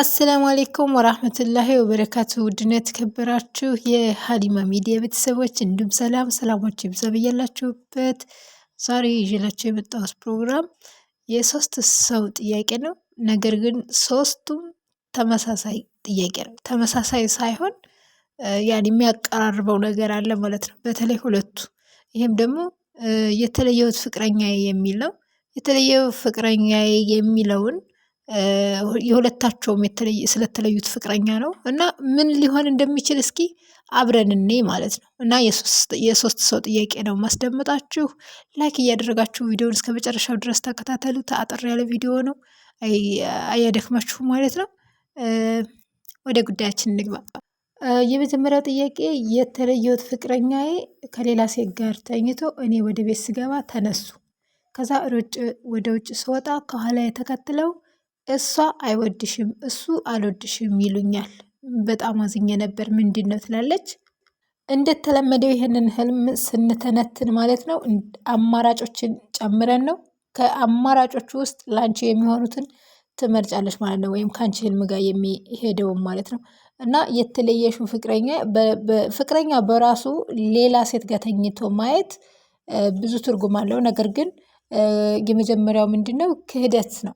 አሰላሙ አሌይኩም ወራህመቱላሂ ወበረካቱ ውድነት የተከበራችሁ የሀሊማ ሚዲያ ቤተሰቦች እንዲሁም ሰላም ሰላሞች ይብዛ ብያላችሁበት። ዛሬ ይዤላችሁ የመጣሁት ፕሮግራም የሶስት ሰው ጥያቄ ነው። ነገር ግን ሶስቱም ተመሳሳይ ጥያቄ ነው። ተመሳሳይ ሳይሆን ያን የሚያቀራርበው ነገር አለ ማለት ነው። በተለይ ሁለቱ ይህም ደግሞ የተለየሁት ፍቅረኛ የሚል ነው። የተለየው ፍቅረኛ የሚለውን የሁለታቸውም ስለተለዩት ፍቅረኛ ነው እና ምን ሊሆን እንደሚችል እስኪ አብረን እኔ ማለት ነው እና የሶስት ሰው ጥያቄ ነው ማስደምጣችሁ። ላይክ እያደረጋችሁ ቪዲዮውን እስከ መጨረሻው ድረስ ተከታተሉት። አጠር ያለ ቪዲዮ ነው አያደክማችሁ ማለት ነው። ወደ ጉዳያችን እንግባ። የመጀመሪያው ጥያቄ የተለየሁት ፍቅረኛዬ ከሌላ ሴት ጋር ተኝቶ እኔ ወደ ቤት ስገባ ተነሱ። ከዛ ወደ ውጭ ስወጣ ከኋላ የተከትለው እሷ አይወድሽም እሱ አልወድሽም ይሉኛል። በጣም አዝኜ ነበር። ምንድን ነው ትላለች። እንደተለመደው ይህንን ህልም ስንተነትን ማለት ነው አማራጮችን ጨምረን ነው። ከአማራጮቹ ውስጥ ለአንቺ የሚሆኑትን ትመርጫለች ማለት ነው። ወይም ከአንቺ ህልም ጋር የሚሄደውን ማለት ነው። እና የተለየሽው ፍቅረኛ ፍቅረኛ በራሱ ሌላ ሴት ጋር ተኝቶ ማየት ብዙ ትርጉም አለው። ነገር ግን የመጀመሪያው ምንድን ነው ክህደት ነው።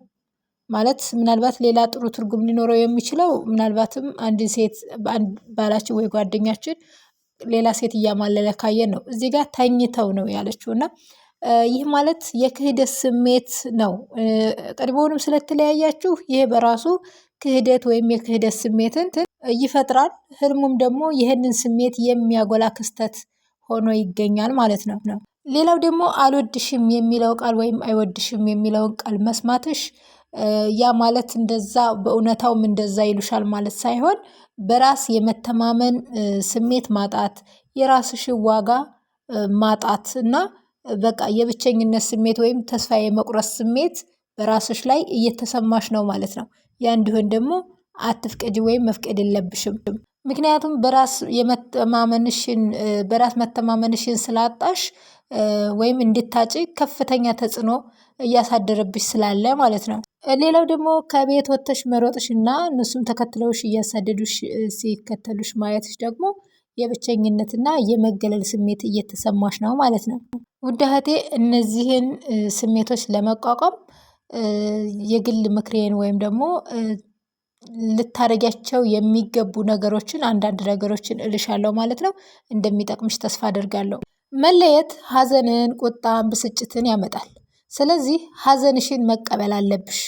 ማለት ምናልባት ሌላ ጥሩ ትርጉም ሊኖረው የሚችለው ምናልባትም አንድ ሴት ባላችን ወይ ጓደኛችን ሌላ ሴት እያማለለ ካየን ነው። እዚህ ጋር ተኝተው ነው ያለችው እና ይህ ማለት የክህደት ስሜት ነው። ቀድሞውንም ስለተለያያችሁ ይህ በራሱ ክህደት ወይም የክህደት ስሜትን ይፈጥራል። ህልሙም ደግሞ ይህንን ስሜት የሚያጎላ ክስተት ሆኖ ይገኛል ማለት ነው። ሌላው ደግሞ አልወድሽም የሚለው ቃል ወይም አይወድሽም የሚለውን ቃል መስማትሽ ያ ማለት እንደዛ በእውነታውም እንደዛ ይሉሻል ማለት ሳይሆን በራስ የመተማመን ስሜት ማጣት የራስሽ ዋጋ ማጣት እና በቃ የብቸኝነት ስሜት ወይም ተስፋ የመቁረስ ስሜት በራስሽ ላይ እየተሰማሽ ነው ማለት ነው። ያ እንዲሆን ደግሞ አትፍቀጂ ወይም መፍቀድ የለብሽም። ምክንያቱም በራስ የመተማመንሽን በራስ መተማመንሽን ስላጣሽ ወይም እንድታጭ ከፍተኛ ተጽዕኖ እያሳደረብሽ ስላለ ማለት ነው። ሌላው ደግሞ ከቤት ወጥተሽ መሮጥሽ እና እነሱም ተከትለውሽ እያሳደዱሽ ሲከተሉሽ ማየትሽ ደግሞ የብቸኝነትና የመገለል ስሜት እየተሰማሽ ነው ማለት ነው። ውድ እህቴ እነዚህን ስሜቶች ለመቋቋም የግል ምክሬን ወይም ደግሞ ልታደርጊያቸው የሚገቡ ነገሮችን አንዳንድ ነገሮችን እልሻለሁ ማለት ነው። እንደሚጠቅምሽ ተስፋ አደርጋለሁ መለየት ሀዘንን፣ ቁጣን፣ ብስጭትን ያመጣል። ስለዚህ ሀዘንሽን መቀበል አለብሽ።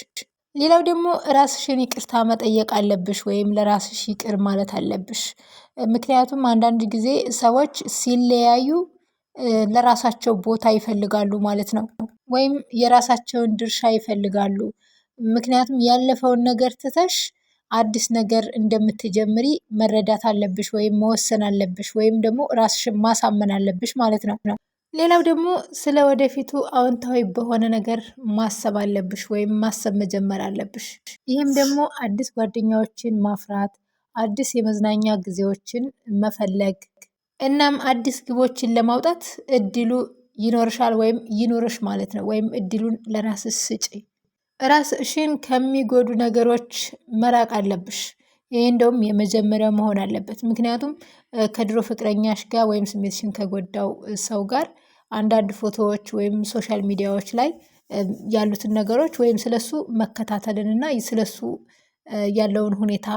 ሌላው ደግሞ ራስሽን ይቅርታ መጠየቅ አለብሽ ወይም ለራስሽ ይቅር ማለት አለብሽ። ምክንያቱም አንዳንድ ጊዜ ሰዎች ሲለያዩ ለራሳቸው ቦታ ይፈልጋሉ ማለት ነው፣ ወይም የራሳቸውን ድርሻ ይፈልጋሉ። ምክንያቱም ያለፈውን ነገር ትተሽ አዲስ ነገር እንደምትጀምሪ መረዳት አለብሽ ወይም መወሰን አለብሽ ወይም ደግሞ ራስሽን ማሳመን አለብሽ ማለት ነው። ሌላው ደግሞ ስለ ወደፊቱ አዎንታዊ በሆነ ነገር ማሰብ አለብሽ ወይም ማሰብ መጀመር አለብሽ። ይህም ደግሞ አዲስ ጓደኛዎችን ማፍራት፣ አዲስ የመዝናኛ ጊዜዎችን መፈለግ እናም አዲስ ግቦችን ለማውጣት እድሉ ይኖርሻል ወይም ይኖርሽ ማለት ነው። ወይም እድሉን ለራስሽ ስጪ። ራስሽን ከሚጎዱ ነገሮች መራቅ አለብሽ። ይህ እንደውም የመጀመሪያ መሆን አለበት። ምክንያቱም ከድሮ ፍቅረኛሽ ጋር ወይም ስሜትሽን ከጎዳው ሰው ጋር አንዳንድ ፎቶዎች ወይም ሶሻል ሚዲያዎች ላይ ያሉትን ነገሮች ወይም ስለሱ መከታተልን እና ስለሱ ያለውን ሁኔታ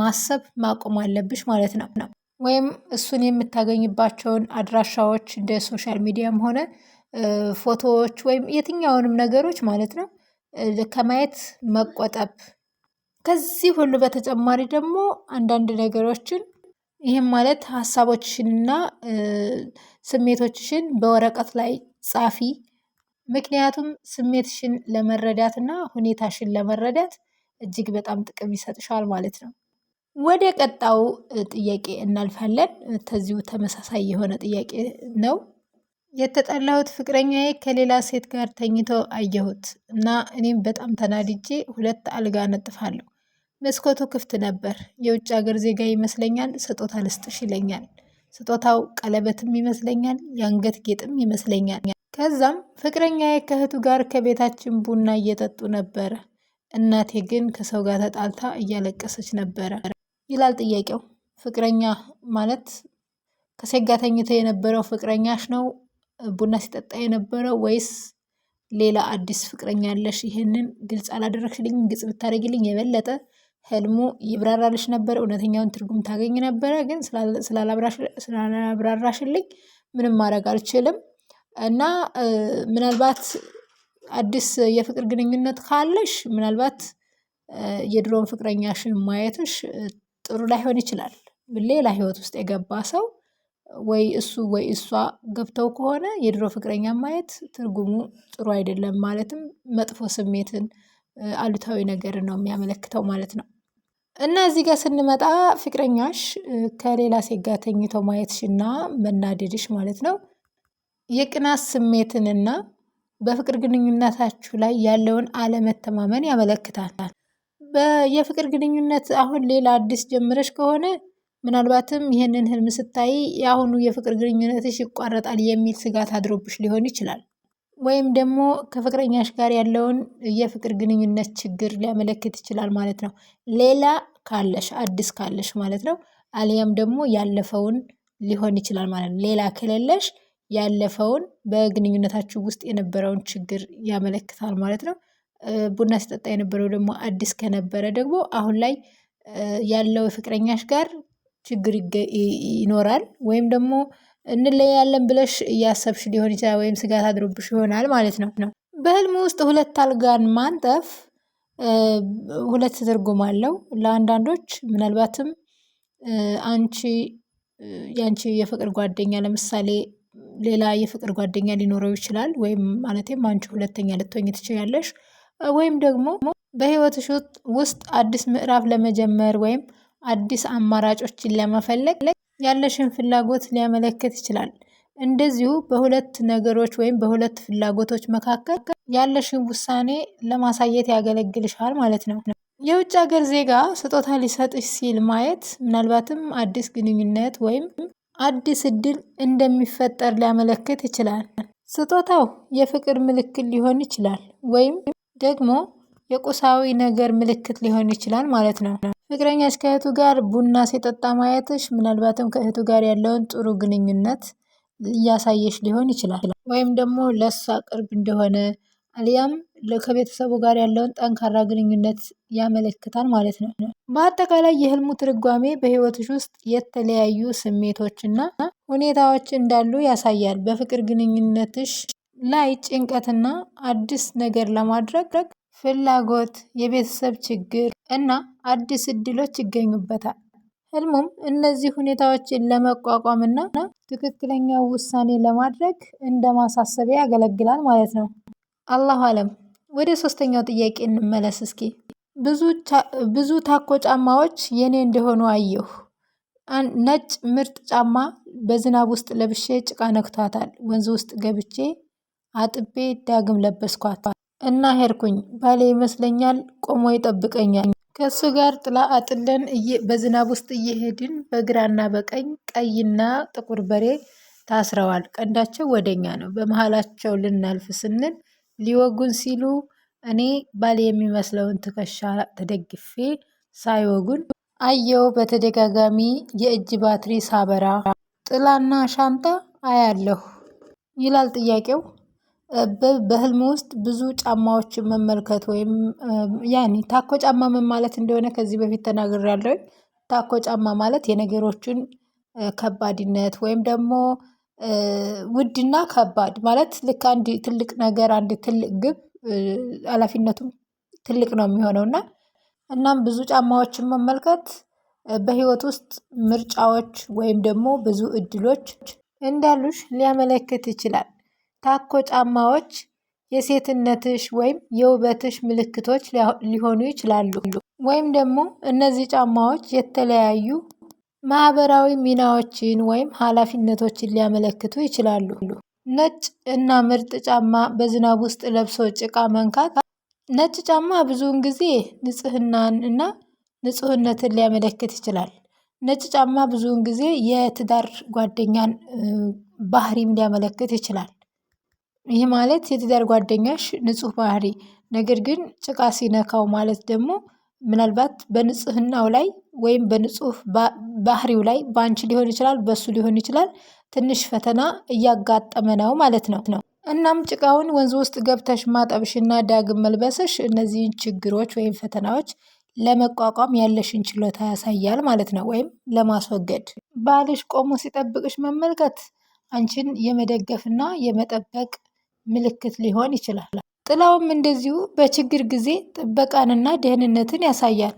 ማሰብ ማቆም አለብሽ ማለት ነው። ወይም እሱን የምታገኝባቸውን አድራሻዎች እንደ ሶሻል ሚዲያም ሆነ ፎቶዎች ወይም የትኛውንም ነገሮች ማለት ነው ከማየት መቆጠብ። ከዚህ ሁሉ በተጨማሪ ደግሞ አንዳንድ ነገሮችን ይህም ማለት ሀሳቦችሽንና ስሜቶችሽን በወረቀት ላይ ጻፊ። ምክንያቱም ስሜትሽን እና ሁኔታሽን ለመረዳት እጅግ በጣም ጥቅም ይሰጥሻል ማለት ነው። ወደ ቀጣው ጥያቄ እናልፋለን። ከዚሁ ተመሳሳይ የሆነ ጥያቄ ነው። የተጠላሁት ፍቅረኛዬ ከሌላ ሴት ጋር ተኝቶ አየሁት እና እኔም በጣም ተናድጄ ሁለት አልጋ አነጥፋለሁ። መስኮቱ ክፍት ነበር። የውጭ ሀገር ዜጋ ይመስለኛል። ስጦታ ልስጥሽ ይለኛል። ስጦታው ቀለበትም ይመስለኛል፣ የአንገት ጌጥም ይመስለኛል። ከዛም ፍቅረኛዬ ከእህቱ ጋር ከቤታችን ቡና እየጠጡ ነበረ። እናቴ ግን ከሰው ጋር ተጣልታ እያለቀሰች ነበረ ይላል ጥያቄው። ፍቅረኛ ማለት ከሴት ጋር ተኝቶ የነበረው ፍቅረኛሽ ነው ቡና ሲጠጣ የነበረው ወይስ ሌላ አዲስ ፍቅረኛ ያለሽ? ይህንን ግልጽ አላደረግሽልኝም ግልጽ ብታደረግልኝ የበለጠ ህልሙ ይብራራልሽ ነበር እውነተኛውን ትርጉም ታገኝ ነበረ። ግን ስላላብራራሽልኝ ምንም ማድረግ አልችልም። እና ምናልባት አዲስ የፍቅር ግንኙነት ካለሽ ምናልባት የድሮን ፍቅረኛሽን ማየትሽ ጥሩ ላይሆን ይችላል። ሌላ ህይወት ውስጥ የገባ ሰው ወይ እሱ ወይ እሷ ገብተው ከሆነ የድሮ ፍቅረኛ ማየት ትርጉሙ ጥሩ አይደለም። ማለትም መጥፎ ስሜትን አሉታዊ ነገር ነው የሚያመለክተው ማለት ነው። እና እዚህ ጋር ስንመጣ ፍቅረኛሽ ከሌላ ሴት ጋር ተኝቶ ማየትሽና መናደድሽ ማለት ነው የቅናት ስሜትንና በፍቅር ግንኙነታችሁ ላይ ያለውን አለመተማመን ያመለክታል። የፍቅር ግንኙነት አሁን ሌላ አዲስ ጀምረሽ ከሆነ ምናልባትም ይህንን ህልም ስታይ የአሁኑ የፍቅር ግንኙነትሽ ይቋረጣል የሚል ስጋት አድሮብሽ ሊሆን ይችላል። ወይም ደግሞ ከፍቅረኛሽ ጋር ያለውን የፍቅር ግንኙነት ችግር ሊያመለክት ይችላል ማለት ነው። ሌላ ካለሽ አዲስ ካለሽ ማለት ነው። አሊያም ደግሞ ያለፈውን ሊሆን ይችላል ማለት ነው። ሌላ ከሌለሽ ያለፈውን በግንኙነታችሁ ውስጥ የነበረውን ችግር ያመለክታል ማለት ነው። ቡና ሲጠጣ የነበረው ደግሞ አዲስ ከነበረ ደግሞ አሁን ላይ ያለው ፍቅረኛሽ ጋር ችግር ይኖራል ወይም ደግሞ እንለያለን ብለሽ እያሰብሽ ሊሆን ይችላል ወይም ስጋት አድሮብሽ ይሆናል ማለት ነው ነው በህልም ውስጥ ሁለት አልጋን ማንጠፍ ሁለት ትርጉም አለው ለአንዳንዶች ምናልባትም አንቺ የአንቺ የፍቅር ጓደኛ ለምሳሌ ሌላ የፍቅር ጓደኛ ሊኖረው ይችላል ወይም ማለትም አንቺ ሁለተኛ ልትሆኝ ትችያለሽ። ወይም ደግሞ በህይወትሽ ውስጥ አዲስ ምዕራፍ ለመጀመር ወይም አዲስ አማራጮችን ለመፈለግ ያለሽን ፍላጎት ሊያመለክት ይችላል። እንደዚሁ በሁለት ነገሮች ወይም በሁለት ፍላጎቶች መካከል ያለሽን ውሳኔ ለማሳየት ያገለግልሻል ማለት ነው። የውጭ ሀገር ዜጋ ስጦታ ሊሰጥሽ ሲል ማየት ምናልባትም አዲስ ግንኙነት ወይም አዲስ እድል እንደሚፈጠር ሊያመለክት ይችላል። ስጦታው የፍቅር ምልክት ሊሆን ይችላል ወይም ደግሞ የቁሳዊ ነገር ምልክት ሊሆን ይችላል ማለት ነው። ፍቅረኛሽ ከእህቱ ጋር ቡና ሲጠጣ ማየትሽ ምናልባትም ከእህቱ ጋር ያለውን ጥሩ ግንኙነት እያሳየሽ ሊሆን ይችላል። ወይም ደግሞ ለእሷ ቅርብ እንደሆነ አሊያም ከቤተሰቡ ጋር ያለውን ጠንካራ ግንኙነት ያመለክታል ማለት ነው። በአጠቃላይ የህልሙ ትርጓሜ በህይወትሽ ውስጥ የተለያዩ ስሜቶችና ሁኔታዎች እንዳሉ ያሳያል። በፍቅር ግንኙነትሽ ላይ ጭንቀትና አዲስ ነገር ለማድረግ ፍላጎት፣ የቤተሰብ ችግር እና አዲስ እድሎች ይገኙበታል። ህልሙም እነዚህ ሁኔታዎችን ለመቋቋም እና ትክክለኛ ውሳኔ ለማድረግ እንደ ማሳሰቢያ ያገለግላል ማለት ነው። አላሁ አለም። ወደ ሶስተኛው ጥያቄ እንመለስ እስኪ። ብዙ ታኮ ጫማዎች የኔ እንደሆኑ አየሁ። ነጭ ምርጥ ጫማ በዝናብ ውስጥ ለብሼ ጭቃ ነክቷታል። ወንዝ ውስጥ ገብቼ አጥቤ ዳግም ለበስኳት እና ሄድኩኝ። ባሌ ይመስለኛል ቆሞ ይጠብቀኛል። ከእሱ ጋር ጥላ አጥለን በዝናብ ውስጥ እየሄድን በግራና በቀኝ ቀይና ጥቁር በሬ ታስረዋል። ቀንዳቸው ወደኛ ነው። በመሀላቸው ልናልፍ ስንል ሊወጉን ሲሉ እኔ ባሌ የሚመስለውን ትከሻ ተደግፌ ሳይወጉን አየው። በተደጋጋሚ የእጅ ባትሪ ሳበራ ጥላና ሻንጣ አያለሁ ይላል ጥያቄው። በህልም ውስጥ ብዙ ጫማዎችን መመልከት ወይም ያኔ ታኮ ጫማ ምን ማለት እንደሆነ ከዚህ በፊት ያለው ታኮ ጫማ ማለት የነገሮችን ከባድነት ወይም ደግሞ ውድና ከባድ ማለት ልክ አንድ ትልቅ ነገር አንድ ትልቅ ግብ ሀላፊነቱም ትልቅ ነው የሚሆነው እና እናም ብዙ ጫማዎችን መመልከት በህይወት ውስጥ ምርጫዎች ወይም ደግሞ ብዙ እድሎች እንዳሉሽ ሊያመለክት ይችላል ታኮ ጫማዎች የሴትነትሽ ወይም የውበትሽ ምልክቶች ሊሆኑ ይችላሉ። ወይም ደግሞ እነዚህ ጫማዎች የተለያዩ ማህበራዊ ሚናዎችን ወይም ኃላፊነቶችን ሊያመለክቱ ይችላሉ። ነጭ እና ምርጥ ጫማ በዝናብ ውስጥ ለብሶ ጭቃ መንካት። ነጭ ጫማ ብዙውን ጊዜ ንጽህናን እና ንጹህነትን ሊያመለክት ይችላል። ነጭ ጫማ ብዙውን ጊዜ የትዳር ጓደኛን ባህሪም ሊያመለክት ይችላል። ይሄ ማለት የትዳር ጓደኛሽ ንጹህ ባህሪ ነገር ግን ጭቃ ሲነካው ማለት ደግሞ ምናልባት በንጽህናው ላይ ወይም በንጹህ ባህሪው ላይ በአንቺ ሊሆን ይችላል በሱ ሊሆን ይችላል ትንሽ ፈተና እያጋጠመ ነው ማለት ነው ነው እናም ጭቃውን ወንዝ ውስጥ ገብተሽ ማጠብሽና ዳግም መልበስሽ እነዚህን ችግሮች ወይም ፈተናዎች ለመቋቋም ያለሽን ችሎታ ያሳያል ማለት ነው፣ ወይም ለማስወገድ። ባልሽ ቆሞ ሲጠብቅሽ መመልከት አንቺን የመደገፍና የመጠበቅ ምልክት ሊሆን ይችላል። ጥላውም እንደዚሁ በችግር ጊዜ ጥበቃንና ደህንነትን ያሳያል።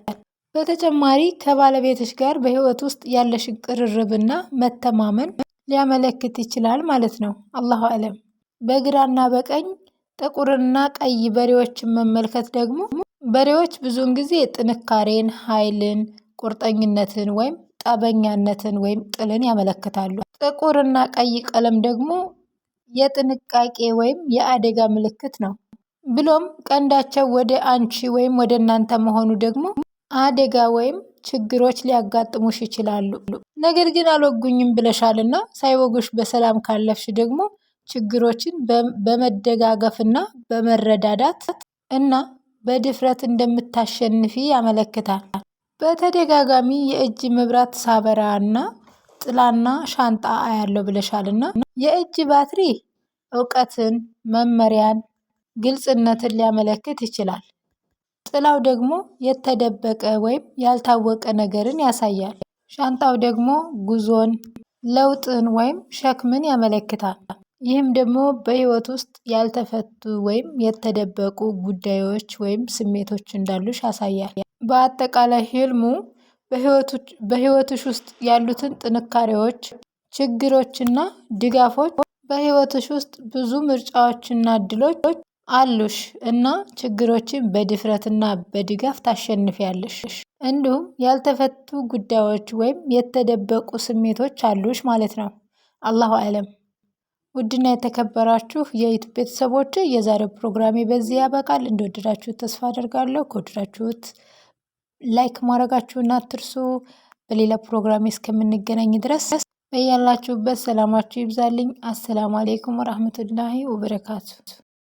በተጨማሪ ከባለቤትሽ ጋር በህይወት ውስጥ ያለሽን ቅርርብና መተማመን ሊያመለክት ይችላል ማለት ነው። አላሁ አለም። በግራና በቀኝ ጥቁርና ቀይ በሬዎችን መመልከት ደግሞ በሬዎች ብዙውን ጊዜ ጥንካሬን፣ ኃይልን፣ ቁርጠኝነትን ወይም ጠበኛነትን ወይም ጥልን ያመለክታሉ። ጥቁርና ቀይ ቀለም ደግሞ የጥንቃቄ ወይም የአደጋ ምልክት ነው። ብሎም ቀንዳቸው ወደ አንቺ ወይም ወደ እናንተ መሆኑ ደግሞ አደጋ ወይም ችግሮች ሊያጋጥሙሽ ይችላሉ። ነገር ግን አልወጉኝም ብለሻልና ሳይወጉሽ በሰላም ካለፍሽ ደግሞ ችግሮችን በመደጋገፍና በመረዳዳት እና በድፍረት እንደምታሸንፊ ያመለክታል። በተደጋጋሚ የእጅ መብራት ሳበራ እና ጥላና ሻንጣ አያለው ብለሻልና የእጅ ባትሪ እውቀትን፣ መመሪያን፣ ግልጽነትን ሊያመለክት ይችላል። ጥላው ደግሞ የተደበቀ ወይም ያልታወቀ ነገርን ያሳያል። ሻንጣው ደግሞ ጉዞን፣ ለውጥን ወይም ሸክምን ያመለክታል። ይህም ደግሞ በህይወት ውስጥ ያልተፈቱ ወይም የተደበቁ ጉዳዮች ወይም ስሜቶች እንዳሉሽ ያሳያል። በአጠቃላይ ህልሙ በህይወትሽ ውስጥ ያሉትን ጥንካሬዎች፣ ችግሮችና ድጋፎች በህይወትሽ ውስጥ ብዙ ምርጫዎችና እድሎች አሉሽ እና ችግሮችን በድፍረትና በድጋፍ ታሸንፊያለሽ። እንዲሁም ያልተፈቱ ጉዳዮች ወይም የተደበቁ ስሜቶች አሉሽ ማለት ነው። አላሁ አለም። ውድና የተከበራችሁ የዩቱብ ቤተሰቦች የዛሬው ፕሮግራሜ በዚህ ያበቃል። እንደወደዳችሁት ተስፋ አደርጋለሁ። ከወደዳችሁት ላይክ ማድረጋችሁን አትርሱ። በሌላ ፕሮግራም እስከምንገናኝ ድረስ በያላችሁበት ሰላማችሁ ይብዛልኝ። አሰላሙ አሌይኩም ወራህመቱላሂ ወበረካቱ።